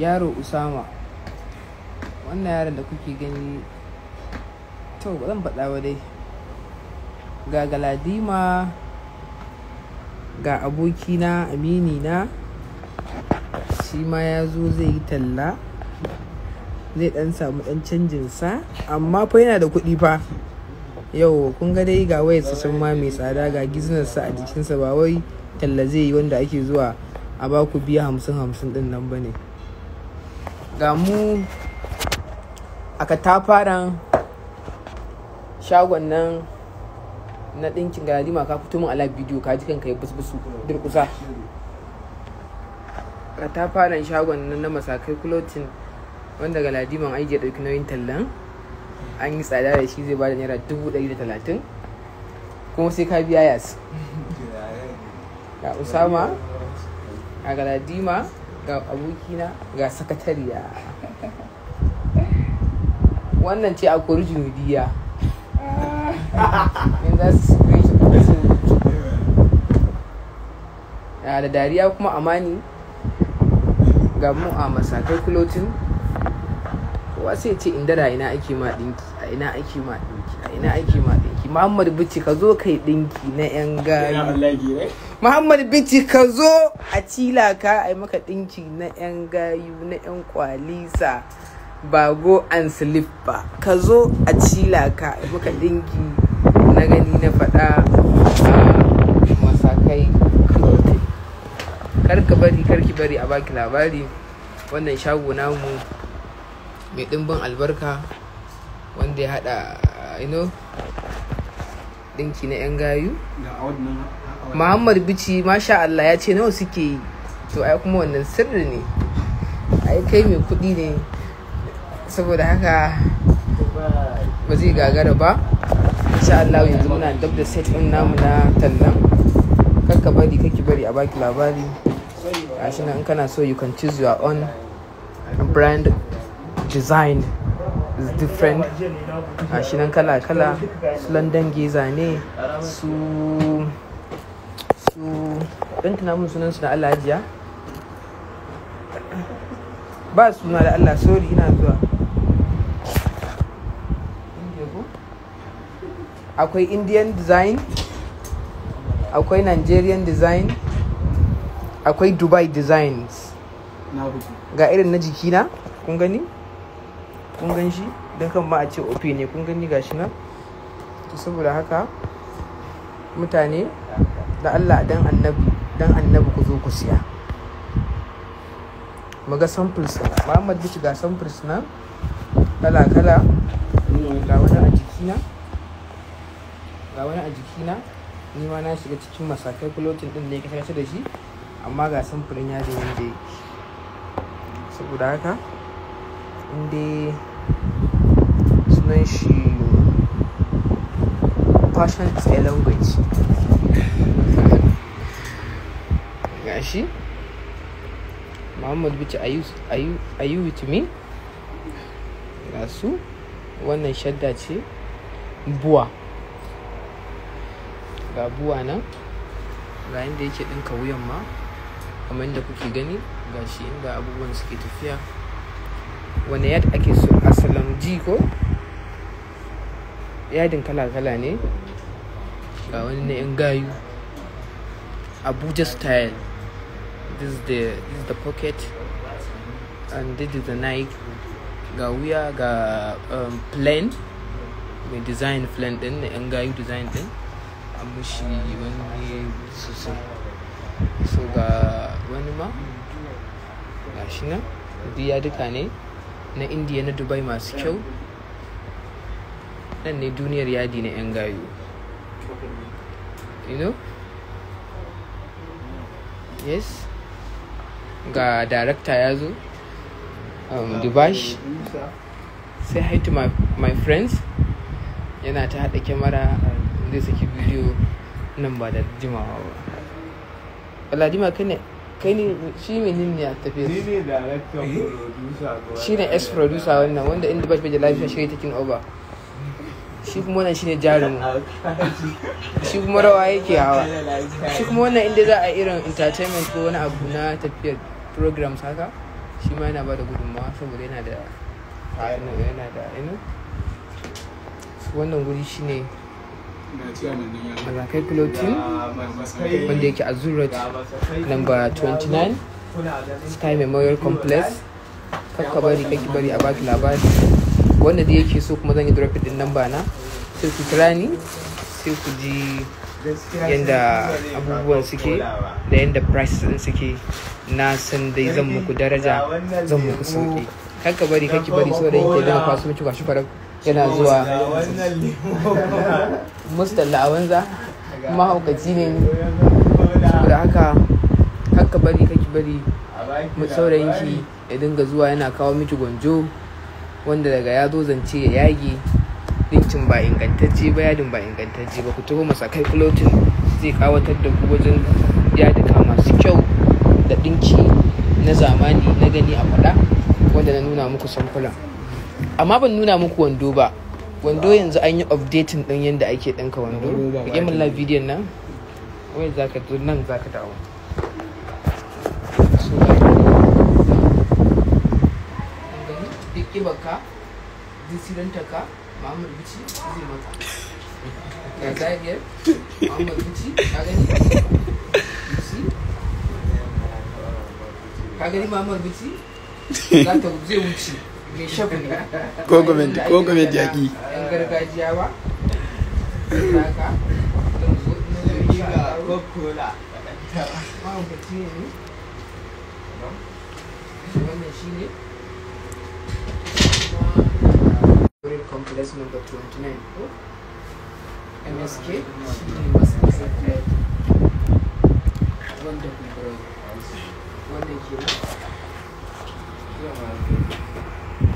yaro usama wannan yaron da kuke gani to ba zan faɗa ba dai ga galadima ga abokina amini na shi ma ya zo zai yi talla zai dan samu dan canjinsa amma fa yana da kuɗi fa yau kun ga dai ga wayarsa sun ma mai tsada ga sa a jikinsa ba wai talla zai yi wanda ake zuwa a baku biya hamsin hamsin din nan ba ne Gamu mu a katafaren shagon nan na ɗinkin galadima ka fito min a live bidiyo ka ji kanka ya busu durkusa katafaren shagon nan na masakai clothing wanda galadiman aiki ya ɗauki nauyin tallan an yi tsada da shi zai da naira dubu ɗari da talatin kuma sai ka biya yas ga usama a galadima ga abokina ga sakatariya wannan ce a kori junudiya ah. in za su da dariya kuma amani ga mu a masakai kulotin kowa sai ce inda da ina ake ma dinki a ina ake ma dinki a ina ake ma dinki Muhammad Bici ka zo kai dinki na yan gari. Muhammad Bici ka zo a cila ka yi maka dinki na yan gayu na yan kwalisa bago and slipper ka zo a cila ka yi maka dinki na gani na fada masakai kar ka bari kar ki bari a baki labari wannan shago namu mai dimbin albarka wanda ya hada you know dinki na 'yan gayu muhammad bici masha Allah ya ce nawa suke yi to ai kuma wannan sirri ne ai kai mai kuɗi ne saboda haka ba zai gagara ba insha Allah yanzu muna dab da set ɗin namu na tallan kakka bari kake bari a baki labari gashi nan in kana so you can choose your own brand design different a shi nan kala-kala su london geza ne su su ɗan tunamin sunan su na alajiya ajiya ba suna da allah sorry ina zuwa akwai indian design akwai nigerian design akwai dubai designs ga irin na jikina kun gani kun gan shi don kan ma a ce ofe ne kun gani gashi nan to saboda haka mutane da Allah dan annabi dan annabi ku zo ku siya muga samples Muhammad Bichi ga samples na kala kala ga wani a jikina ga wani a jikina ni ma na shiga cikin masakai kulotin din da ya kashe-kashe da shi amma ga samfurin yadin yadda yake saboda haka in dai sunan shi passion is a language gashi muhammad bici are you with me ga su wannan shadda ce buwa ga buwa nan ga inda yake ɗinka wuyan ma kamar yadda kuke gani ga shi inda abubuwan suke tafiya Wani yad ake so asalam ji ko yadin kala-kala ne ga wani na yan gayu abuja style this is the this is the pocket and this is the nike ga wuya ga um, plain mai design plan din na yan gayu design din Amma mushi wani sosai so ga wani ma ga shi nan duk ya duka ne na indiya na dubai masu kyau nan ne duniyar yadi na 'yan gayu you know yes ga director ya zo um, dubash say hi to my, friends yana ta haɗa kyamara zai saki bidiyo nan ba da jimawa ba. ladima kai kai ne shi menene ne a tafiya ni ne director eh? producer shi ne ex producer wannan wanda inda ba shi da lafiya shi taking over shi kuma wannan shi ne jarumin shi kuma rawa yake hawa shi kuma wannan inda za a irin entertainment ko wani abu na tafiyar program haka shi ma yana ba da gudunmawa saboda yana da yana da wannan guri shi ne kai Clothing wanda yake a Zurat lamba 29 Sky Memorial Complex kakka bari kake bari a baki labari wanda da yake so kuma zan yi drop din number na sai ku kira ni sai ku ji yadda abubuwan suke da yadda price din suke na san dai zan muku daraja zan muku sauki kakka bari kake bari so da yake kwasu kwaso miki kwashi farar yana zuwa mustalla a wanza mahaukaci ne da haka haka bari kaki bari saurayinki ya dinga zuwa yana kawo miki gwanjo wanda daga ya zo zance ya yage dincin ba ingantacce ba yadin ba ingantacce ba ku taho masakai clothing zai kawatar da ku wajen yadika masu kyau da ɗinki na zamani na gani a faɗa wanda na nuna muku samfulan amma ban nuna muku wando ba wando yanzu an yi updating din yanda ake ɗinka wando rike min live bidiyon nan wai za ka zo nan za ka dawo baka disiranta ka muhammad bici zai maka ga zagiyar muhammad bici ka gani bici ka gani muhammad bici za ta zai wuce mai shabu ne ko ya ki yan gargajiya ba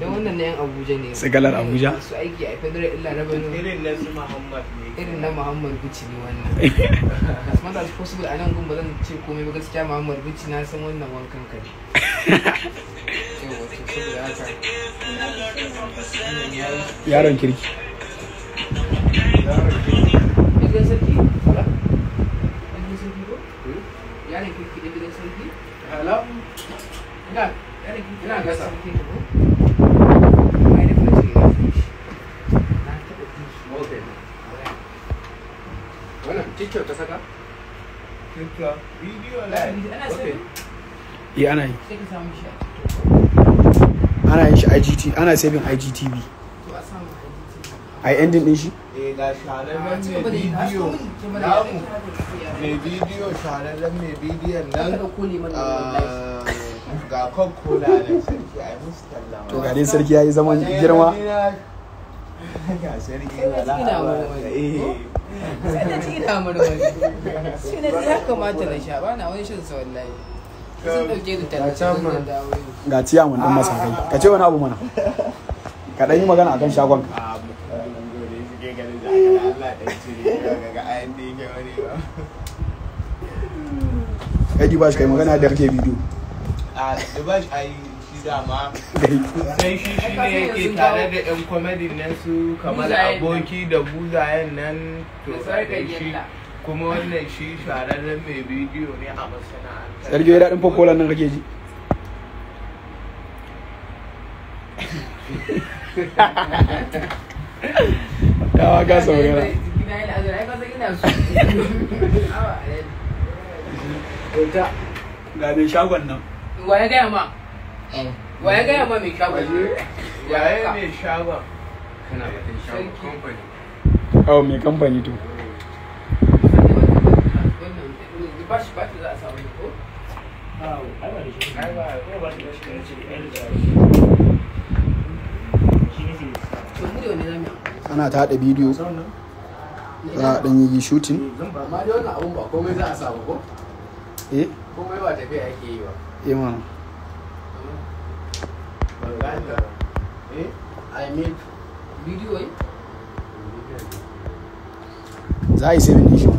don wannan ne yan abuja ne tsigalar abuja su aiki a federal illa rabanu irin na su muhammad ne irin na muhammad bici ne wannan as much as possible a nan gumba zan ce komai ba gaskiya muhammad bici na san wannan wankan ka ne yaron kirki yaron kirki yaron kirki hmm? yaron kirki da yaron kirki. yaron kirki ina gasa TikTok ta eh, ana yin shi IGT, ana saving IGTV. Ai ending din shi? Eh ga shahararren ah, mai bidiyo namu mai bidiyo shahararren mai bidiyon nan ga kokkola sarki ai yi to ga dai sarki yayi zaman girma ga sarki sai eh. ya kamata na sha wani sa wallahi ga ciya mun masa kai ka ce wani abu mana ka dan yi magana akan shagon ka ah, Edi ba shi kai magana da kake bidiyo. a dubai a yi shi dama sai shi shi ne yake tare da yan kwamedin nan su kamar aboki da buzayen nan to shi kuma wannan shi shahararren mai bidiyo ne a masana'antar sarki daɗin fokolan nan kake ji ka shagon nan. wa ya gaya ma oh. wa ya gaya ma mai shagon ya ya mai shagon kana batun shagon oh, mai kamfani to ana ta haɗa bidiyo za a ɗan yi shooting dai wannan abun ba komai za a samu ko eh komai ba tafiya ake yi eh, eh i made video eh za a yi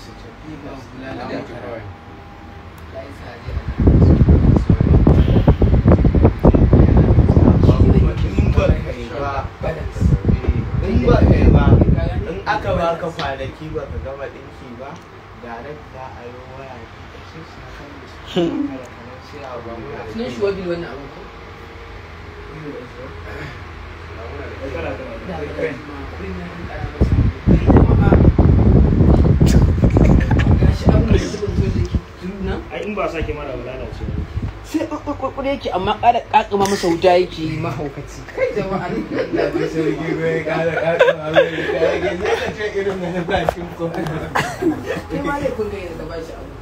su tafi masu yi kawai laisa je a aka baka kwanaki ba ka gama dinki ba direct za a yi waya da shi suna kan da shi kada kamar sai a ba mu da sunan shi wabil wannan abin ko da ba sake mara ba lalace sai an yake amma ƙara ƙaƙuma masa wuta yake yi mahaukaci kai jama'a da ta bai ƙara ƙaƙuma mai ce irin da na ne ma ga ba shi abu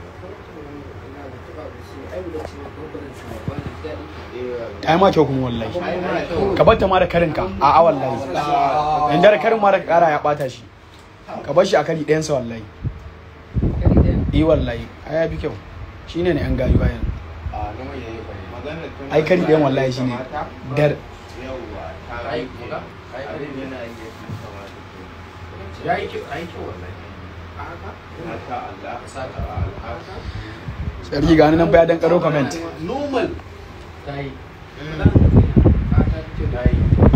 ai ma kyau kuma wallahi ka bar ta ma da karinka a a wallahi inda da karin ma da kara ya bata shi ka bar shi a kari sa wallahi eh wallahi ai ya fi kyau shine ne an gayu bayan ai kari ɗayan wallahi shine dar ya yi kyau wallahi sarki gani nan baya dan karo comment normal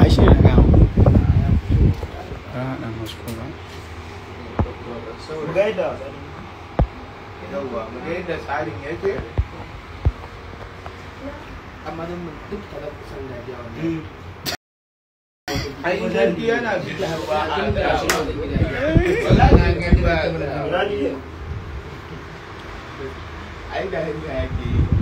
ai shi ne ga rana masu kuma gaida yauwa mu gaida tsarin yake amma nan mun duk talabtar da jawo ai yana fitarwa a da ai da hanya yi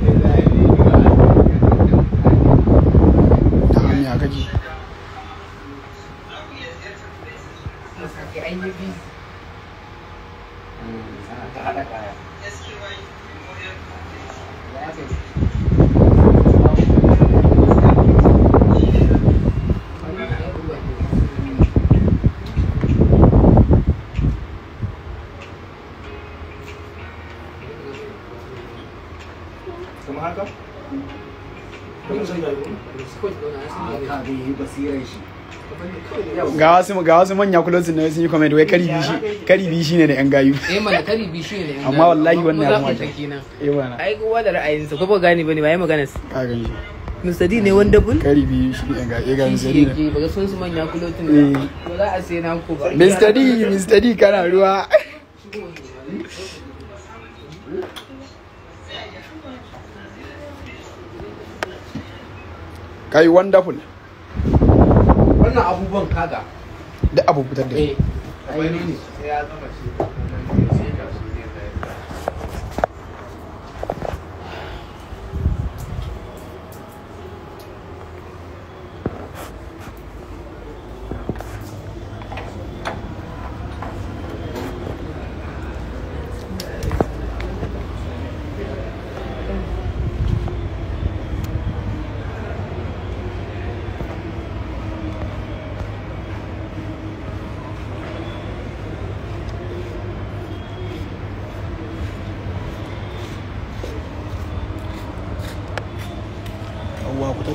ga wasu ga wasu manya kulosin na sun yi comment wai kari bishi kari bishi ne da yan gayu eh mana kari bishi ne da amma wallahi wannan ya mata eh wannan ai kowa da ra'ayinsa ko ba gane bane ba yayi magana ka gani Nusadi ne wanda bun Kari bishi eh, shi ne ga ga Nusadi. Shi ke ba sun su manya kulotin ne. Eh. Ba za a sai na ku ba. Mr. D, Mr. D kana ruwa. kai wonderful wannan abubuwan kaga da abu fitar da shi akwai eh, ne sai ya zama shi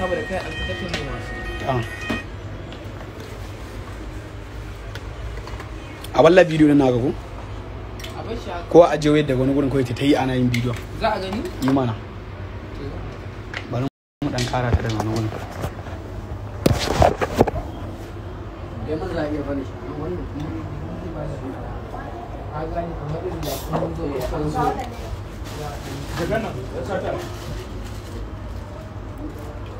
saboda ah. a wallah bidiyo na naga ko ko a je daga wani gurin kawai ta yi ana yin bidiyo za a gani yi mana bari mu dan kara ta daga wani gurin Daga nan,